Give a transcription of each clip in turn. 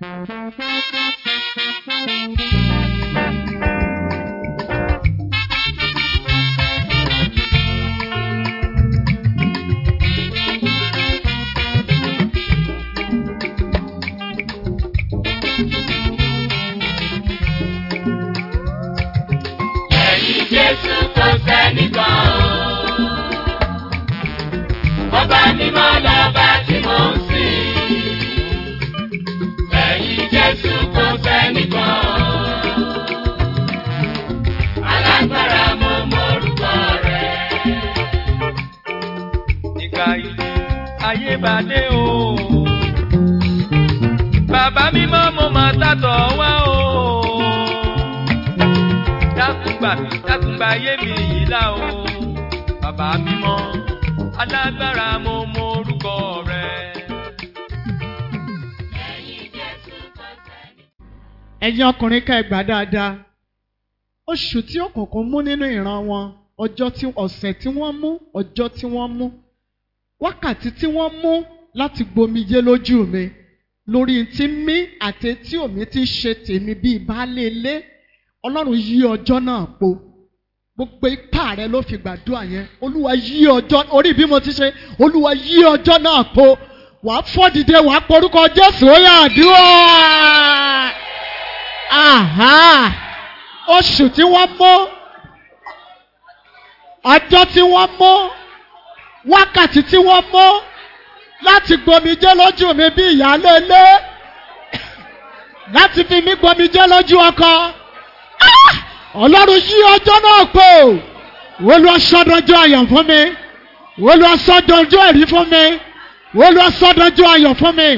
Thank mm-hmm. you. alágbára mo mọ orúkọ rẹ. ẹ̀yin ọkùnrin ká ẹ gbà dáadáa oṣù tí òkùnkùn mú nínú ìran wọn ọjọ́ tí ọ̀sẹ̀ tí wọ́n mú ọjọ́ tí wọ́n mú wákàtí tí wọ́n mú láti gbomijé lójú mi lórí tí mí àti tí òmí ti ṣe tèmi bíi baálé ilé ọlọ́run yí ọjọ́ náà po gbogbo ipá rẹ ló fi gbàdúrà yẹn olúwa yí ọjọ́ orí bí mo ti ṣe olúwa yí ọjọ́ náà po wà á fọ́ dìde wà á porúkọ jésù ó yá àdúrà oṣù tí wọ́n mọ́ ọjọ́ tí wọ́n mọ́ wákàtí tí wọ́n mọ́ láti gbomijé lójú mi bí ìyáálé ilé láti fi mí gbomijé lójú ọkọ ọlọ́run yí ọjọ́ náà pé o Olúwa sọdọjọ́ ayọ̀ fún mi Olúwa sọdọjọ́ ẹ̀rí fún mi Olúwa sọdọjọ́ ayọ̀ fún mi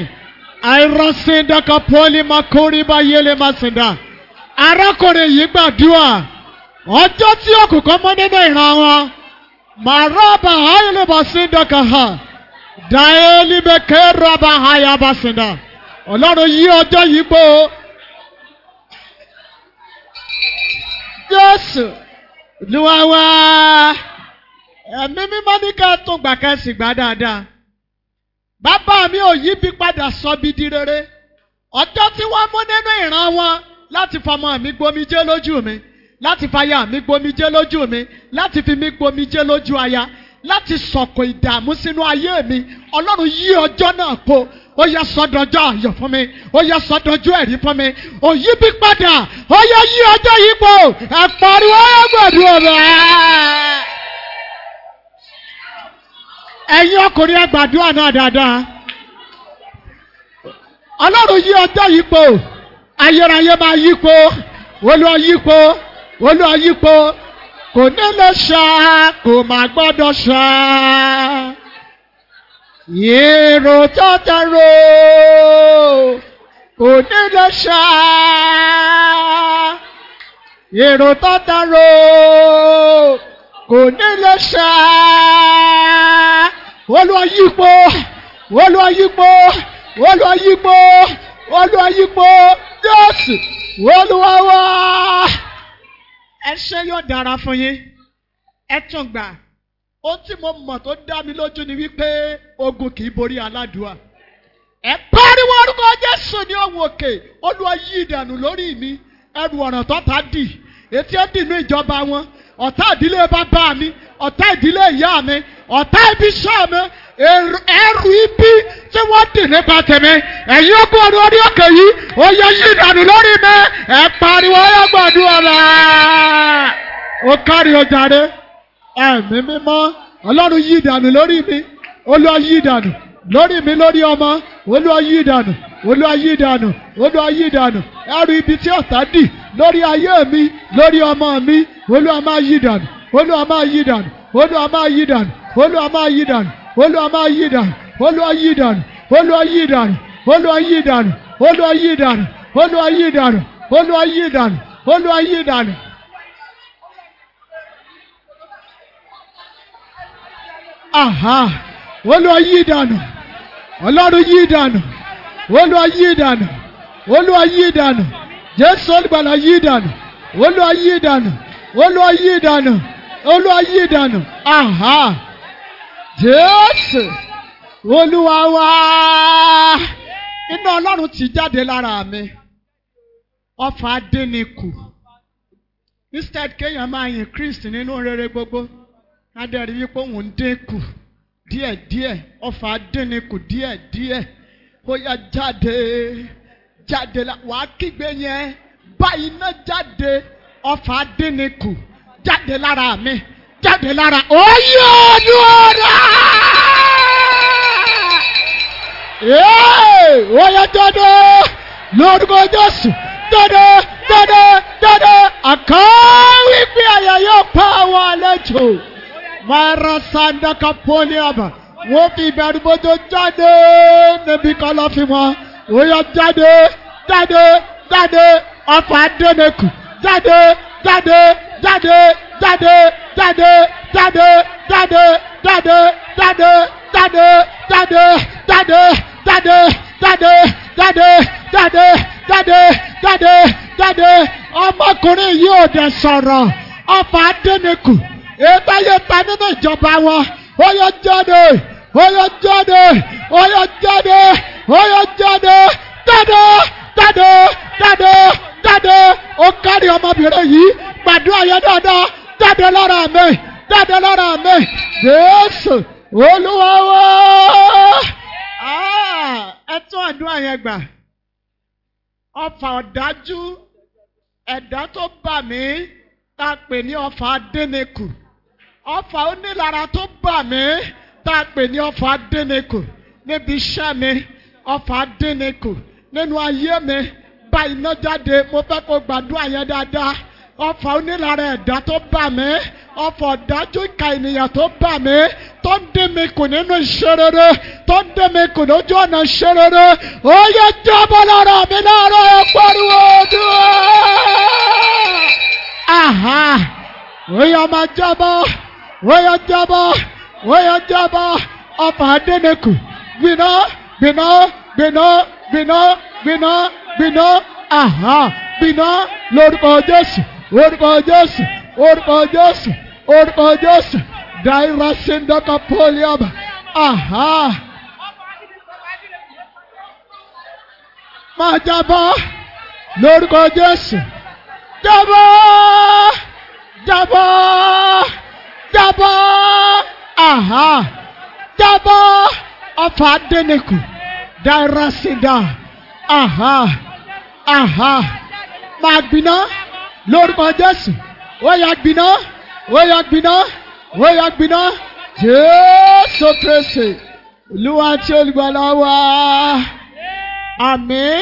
àìrọ́sìndà kan pọ́lì máa kórè bá yẹlẹ̀ máa sìndà arákùnrin yìí gbàdúrà ọjọ́ tí òkùnkàn mọ́ nínú ìran wọn màrọ́bà ayélujára kan hà dáhẹ́ líbẹ̀kẹ́ rọ́bà ayábà sìndà ọlọ́run yí ọjọ́ yìí pé jésù olúwa wa ẹ̀mí mímọ́ ní ká tún gbà ká sì gbà dáadáa bàbá mi ò yí bí padà sọ bí di rere ọjọ́ tí wọ́n mú nínú ìran wọn láti fọmọ mi gbomijé lójú mi láti fàyà mi gbomijé lójú mi láti fi mi gbomijé lójú aya láti sọ̀kò ìdààmú sínú ayé mi ọlọ́run yí ọjọ́ náà po ó yẹ sọdọjọ́ ayọ̀ fún mi ó yẹ sọdọjọ́ ẹ̀rí fún mi òyí bí padà ó yẹ yí ọjọ́ yìí pò ẹ pariwo ẹ gbàdúrà rẹ. ẹ̀yin ọkùnrin ẹ gbàdúrà náà dáadáa ọlọ́run yí ọjọ́ yìí ayérayé máa yí pò olúwa yí pò kò ní lè ṣá kò má gbọ́dọ̀ ṣá. Èrò tó tẹ̀rọ kò ní lè ṣá. Èrò tó tẹ̀rọ kò ní lè ṣá. Olúwa yípo, Olúwa yóò dára fún yín, ẹ tún gbà ó tí mo mọ̀ tó dá mi lójú ni wípé ogun kì í borí aládùúà ẹ pariwo orúkọ jésù ní ohun òkè olúwa yí ìdànù lórí mi ẹrù ọ̀ràn tó ta dì etí ó dì ní ìjọba wọn ọ̀tá ìdílé bàbá mi ọ̀tá ìdílé ìyá mi ọ̀tá ibi iṣẹ́ mi ẹrù ibi tí wọ́n dì nípa tèmi ẹ̀yin ogun ọdún orí òkè yìí ó yẹ yí ìdànù lórí mi ẹ pariwo ọlọ́gbọ̀dún ọ̀la ó kárí ọjà rẹ ẹ̀mí mímọ́ ọlọ́run yí ìdànù lórí mi olúwa yí ìdànù lórí mi lórí ọmọ olúwa yí ìdànù olúwa yí ìdànù olúwa yí ìdànù ẹrù ibi tí ọ̀tá dì lórí ayé mi lórí ọmọ mi olúwa máa yí ìdànù olúwa máa yí ìdànù olúwa máa yí ìdànù olúwa máa yí ìdànù olúwa máa yí ìdànù olúwa yí ìdànù olúwa yí ìdànù olúwa yí ìdànù olúwa yí ìdànù olúwa yí ìdànù olúwa yí ìdànù olúwa yí ìdànù olúwa yí ìdànù ọlọ́run yí ìdànù olúwa yí ìdànù olúwa yí ìdànù jésù olùgbàlà yí ìdànù olúwa yí ìdànù olúwa yí ìdànù olúwa yí ìdànù jésù olúwa wá iná ọlọ́run ti jáde lára mi ọfà dín ni kù instead kéèyàn máa yin Christ nínú rere gbogbo adẹ́rìí wípé òun dínkù díẹ̀díẹ̀ ọfà dínkù díẹ̀díẹ̀ ó yá jáde jáde wàá kígbe yẹn báyìí náà jáde ọfà dínkù jáde lára mi jáde lára oyè olúwa. ó yá jáde lórúkọ Jésù jáde jáde jáde àkàwé pé àyà yóò pa àwọn àlejò mara sanda kapoli aba wọ́n fi ìbẹ̀rùbojo jade níbi kan lọ́ fi wọn òyà jade jade jade ọkọ̀ adẹ́nẹ́kù jade jade jade jade jade jade jade jade jade jade jade jade jade jade jade jade jade jade jade ọmọkùnrin yìí ò dẹ̀ sọ̀rọ̀ ọkọ̀ adẹ́nẹ́kù. Ètàyè ta nínú ìjọba wọn. Ó yọ jáde, oyo yọ jáde, ó yọ jáde, ó yọ jáde, jáde, jáde, jáde, jáde. Ó kárí ọmọbìnrin yìí. Gbàdúrà yẹn dáadáa. Jáde lára mi, jáde lára mi. Jésù Olúwa wá. Ah, ẹ tún àdúrà yẹn gbà ọfà ọ̀dájú ẹ̀dá tó bà mí tá a pè ní ọfà adénekù ọfà onílara tó bà mí tá a pè ní ọfà adínnìkù níbi iṣẹ́ mi ọfà adínnìkù nínú ayé mi bá iná jáde mo fẹ́ kó gbàdúrà yẹn dáadáa ọfà onílara ẹ̀dá tó bà mí ọfà ọ̀dájú ìka ènìyàn tó bà mí tó ń dín mi kù nínú iṣẹ́ rere tó ń dín mi kù lójú ọ̀nà iṣẹ́ rere ó yẹ jábọ́ lára mi láàárọ̀ ẹ̀ pariwo dúró. Aha! Ó yá máa jábọ́ wayajaba wayajaba ọmọ adẹnẹkù gbiná gbiná gbiná gbiná gbiná gbiná aha gbiná lórúkọ Jésù orúkọ Jésù orúkọ Jésù orúkọ Jésù daira sindaka poliaba aha máa jábọ́ lórúkọ Jésù jábọ́ jábọ́ jábọ́ aha jábọ́ ọfà dénekù dárasídà aha aha máa gbiná lórúkọ Jésù ó yá gbiná ó yá gbiná ó yá gbiná Jésù Kristi wa àmín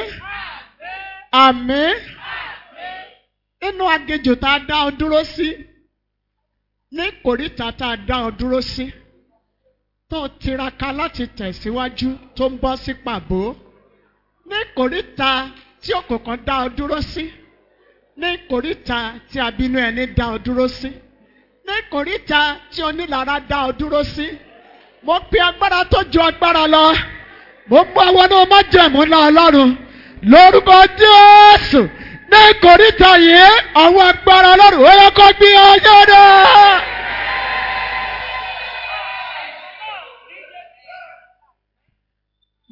àmín nínú aginjù tá a dá ọ dúró sí ní kòríta tá a dá ọ dúró sí tó tiraka láti tẹ̀síwájú tó ń bọ́ sí pàbó ní kòríta tí òkùnkàn dá ọ dúró sí ní kòríta tí abínú ẹni dá ọ dúró sí ní kòríta tí onílára dá ọ dúró sí mo pe agbára tó ju agbára lọ mo mú àwọn náà má jẹ̀mú náà ọlọ́run lórúkọ Jésù ní kòríta yìí àwọn agbára ọlọ́run ó yẹ kó gbé ọjọ́ náà.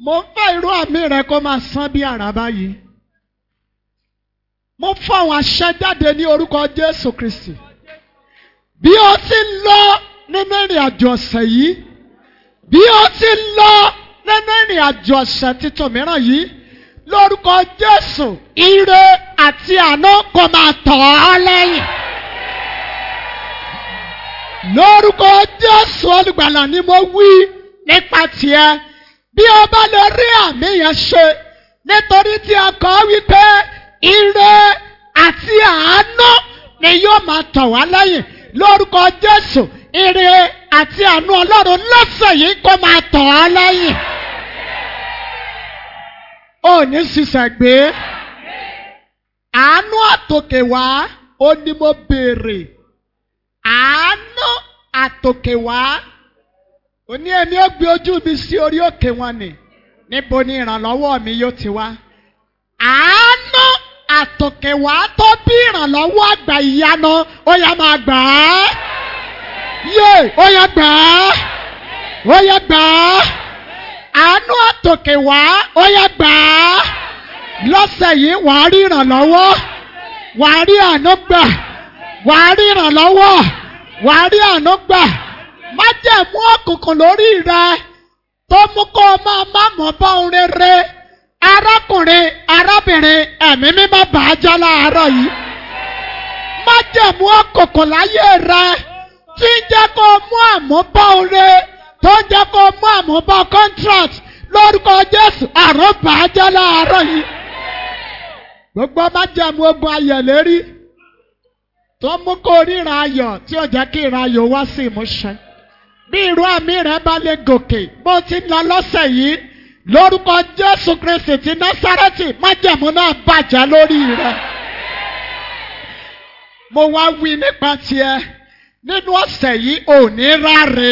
mo fẹ́ irú àmì rẹ kó máa sán bí àràbá yìí mo fọ́ àwọn àṣẹ jáde ní orúkọ Jésù Kristi bí o ti ń lọ nínú ìrìn àjò ọ̀sẹ̀ yìí bí o ti ń lọ nínú ìrìn àjò ọ̀sẹ̀ tuntun mìíràn yìí lórúkọ Jésù ire àti àánú kò máa tọ̀ ọ́ lẹ́yìn. lórúkọ jésù olùgbàlà ni mo wí nípa tiẹ̀ bí o bá lè rí àmì yẹn ṣe nítorí tí a kọ́ wípé ire àti àánú ni yóò máa tọ̀ wá lẹ́yìn lórúkọ jésù ire àti àánú ọlọ́run lọ́sẹ̀ yìí kó máa tọ̀ ọ́ lẹ́yìn. ò ní sísẹ̀ gbé. àánú àtòkè wá ó ní mo àánú ó gbé ojú mi sí orí òkè wọn nì níbo ni ìrànlọ́wọ́ mi yóò ti wá àánú àtòkè tó bí ìrànlọ́wọ́ àgbà ìyanu ó yá máa gbà á lọ́sẹ̀ yìí wàá rí ìrànlọ́wọ́ wàá rí àánú gbà wàá rí ìrànlọ́wọ́ wàá rí àánú gbà májẹ̀mú òkùnkùn lórí rẹ tó mú kó o máa má mọ̀ bá ohun rere arákùnrin arábìnrin ẹ̀mí mímọ́ bàá já láàárọ̀ yìí májẹ̀mú òkùnkùn láyé rẹ tí ń jẹ́ kó o mú àmúbá oore tó ń jẹ́ kó o mú àmúbá contract lórúkọ Jésù àrùn bàá já láàárọ̀ yìí gbogbo májẹ̀mú ogun ayọ̀ lérí tó mú kó ríran ayọ̀ tí ò jẹ́ kí ìran ayọ̀ wá sí ìmúṣẹ. bí irú àmì rẹ bá lè gòkè bó ti lọ lọ́sẹ̀ yìí lórúkọ Jésù Kristi ti Násárẹ́tì májẹ̀mú náà bàjẹ́ lórí rẹ. mo wá wí nípa tiẹ̀ nínú ọ̀sẹ̀ yìí ò ráre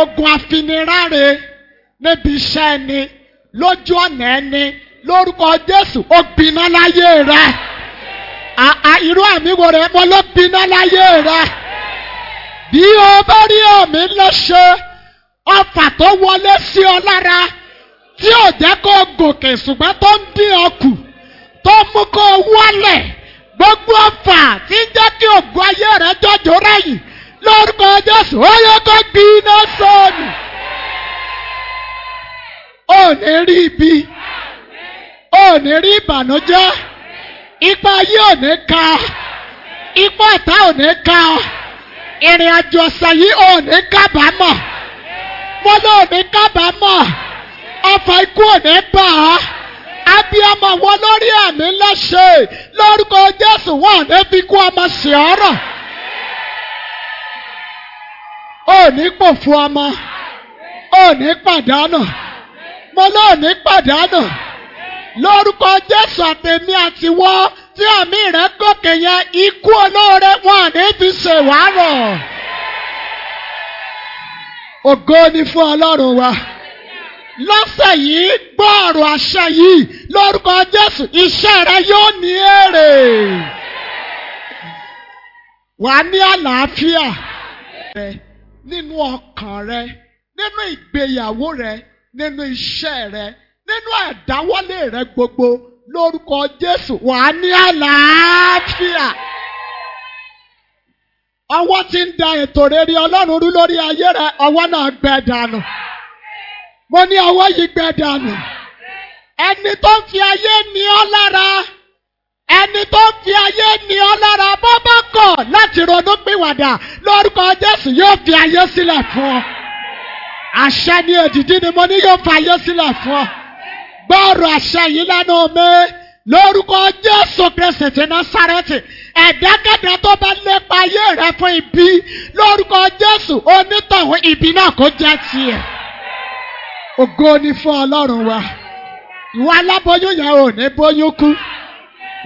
ogun àfiniráre níbi iṣẹ́ ẹni lójú ọ̀nà ẹni lórúkọ jésù ó gbiná láyé rẹ irú àmì wo rẹ mo ló gbiná láyé rẹ bí o bá rí àmì lọ́ṣẹ́ ọfà tó wọlé sí ọ lára tí ò jẹ́ kó gòkè ṣùgbọ́n tó ń dín ọ kù tó mú kó wọlẹ̀ gbogbo ọfà tí ń jẹ́ kí ògùn ayé rẹ jọjọ rẹ̀yìn lórúkọ jésù ó yẹ kó gbiná sọ́ọ̀nù ò ní rí ibi ò ní rí ìbànújẹ́ ipa ayé ò ní ka ipa ọ̀tá ò ní ka ìrìn àjò ọ̀sẹ̀ yìí ò ní kábàámọ̀ mo ló ní kábàámọ̀ ọfà ikú ò ní bà á abiyamọ wọ lórí ẹ̀mí lẹ́sẹ̀ lórúkọ Jésù wọn ò ní fi kú ọmọ sí ọ̀rọ̀ ò pòfu ọmọ ò pàdánù mo ló ní pàdánù lórúkọ jésù àtẹ̀mí àtiwọ́ tí àmì rẹ̀ gòkè yẹn ikú olóore wọn àní fi ṣèwárọ̀. ògo ni fún ọlọ́run wa lọ́sẹ̀ yìí gbọ́ ọ̀rọ̀ àṣẹ yìí lórúkọ jésù iṣẹ́ rẹ yóò ní èrè wà á ní àlàáfíà rẹ nínú ọkàn rẹ nínú ìgbéyàwó rẹ nínú iṣẹ́ rẹ nínú ẹ̀dáwọ́lé rẹ gbogbo lórúkọ Jésù wà á ní àlàáfíà. ọwọ́ tí ń da ètò rere Ọlọ́run rú lórí ayé rẹ ọwọ́ náà gbẹ dànù. mo ní ọwọ́ yìí gbẹ dànù. ẹni tó ń fi ayé ní ọ lára ẹni tó ń fi ayé ní ọ lára bọ́ bá kọ̀ láti ronú pìwàdà lórúkọ Jésù yóò fi ayé sílẹ̀ fún ọ àṣẹ ni èdìdí ni mo ní yóò fàyè sílẹ̀ fún ọ gbọ́ọ̀rọ̀ àṣẹ yìí lẹ́nu mi lórúkọ jésù kristi ti násàrẹ́tì ẹ̀dákẹ́dá tó bá lépa ayé rẹ fún ibi lórúkọ jésù onítọ̀hún ibi náà kó jẹ́ tiẹ̀ ògo ni fún ọlọ́run wa ìwà aláboyún yẹn ò ní bóyún kú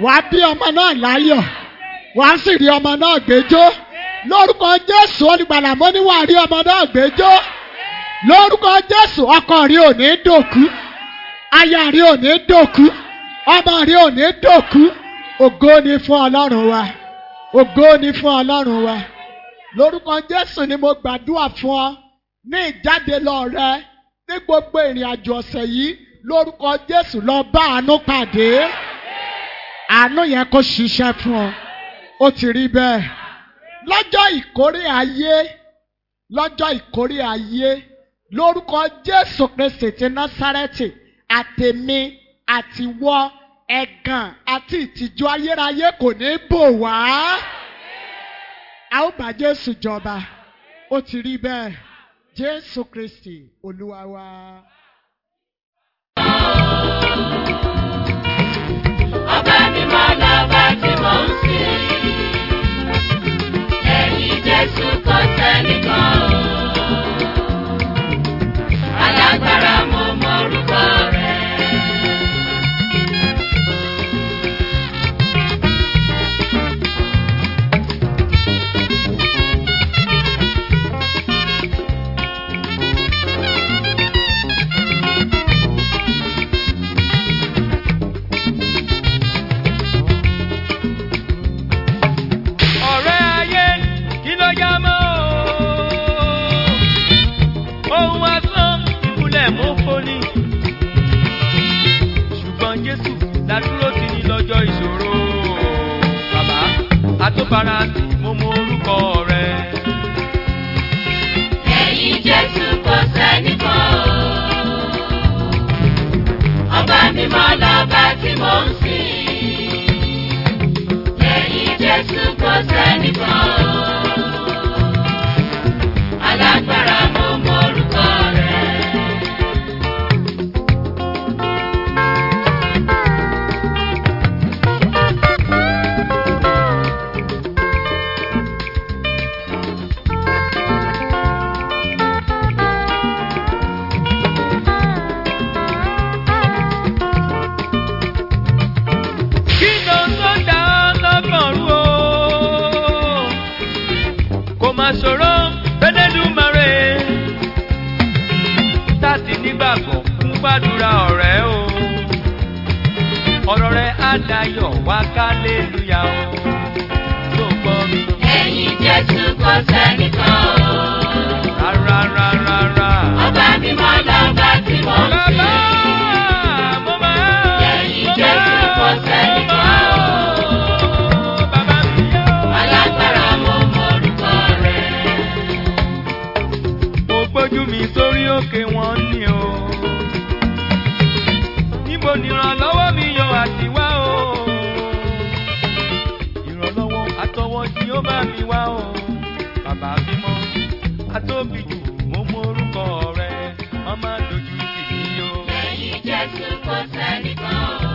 wàá bí ọmọ náà láyọ̀ wàá sì rí ọmọ náà gbẹjọ́ lórúkọ jésù olùgbàlà mọ́ rí ọmọ náà gbẹjọ́ lórúkọ jésù ọkọ rí ò dòkú aya rí ò ní dòkú ọba rí ò dòkú ògo ni fún ọlọ́run wa ògo ni fún ọlọ́run wa lórúkọ jésù ni mo gbàdúrà fún ọ ní ìjáde lọ rẹ ní gbogbo ìrìn àjò ọ̀sẹ̀ yìí lórúkọ jésù lọ bá àánú pàdé àánú yẹn kó ṣiṣẹ́ fún ọ ó ti rí bẹ́ẹ̀ lọ́jọ́ ìkórè ayé lọ́jọ́ ìkórè ayé lórúkọ jésù kristi ti násárẹ́tì àtèmi àtiwọ́ ẹ̀gàn àti ìtìjú ayérayé kò ní bò wá. a ó bá Jésù jọba ó ti rí bẹ́ẹ̀ Jésù Kristi Olúwa ọbẹ̀ mi máa la. tó bára tì mo mọ orúkọ rẹ. ẹ̀yin jésù kò sẹ́ni kan o ọba mímọ́ lọ́ba tí mo ń sìn ẹ̀yin jésù kò sẹ́ni onígbàgbọ́ ń gbàdúrà ọ̀rẹ́ o ọ̀rọ̀ rẹ̀ á dayọ̀ wá kálélúyà o tó mi. ẹ̀yin jésù kò sẹ́ni. lórí òkè wọn ni o. níbo ni ìrànlọ́wọ́ mi yọ àti wá o. ìrànlọ́wọ́ àtọwọ́ tí ó bá mi wá o. bàbá mímọ́ atóbi jù mo mọ orúkọ rẹ ọmọ dojú tì mí o. lẹ́yìn jésù kò sẹ́nìkan.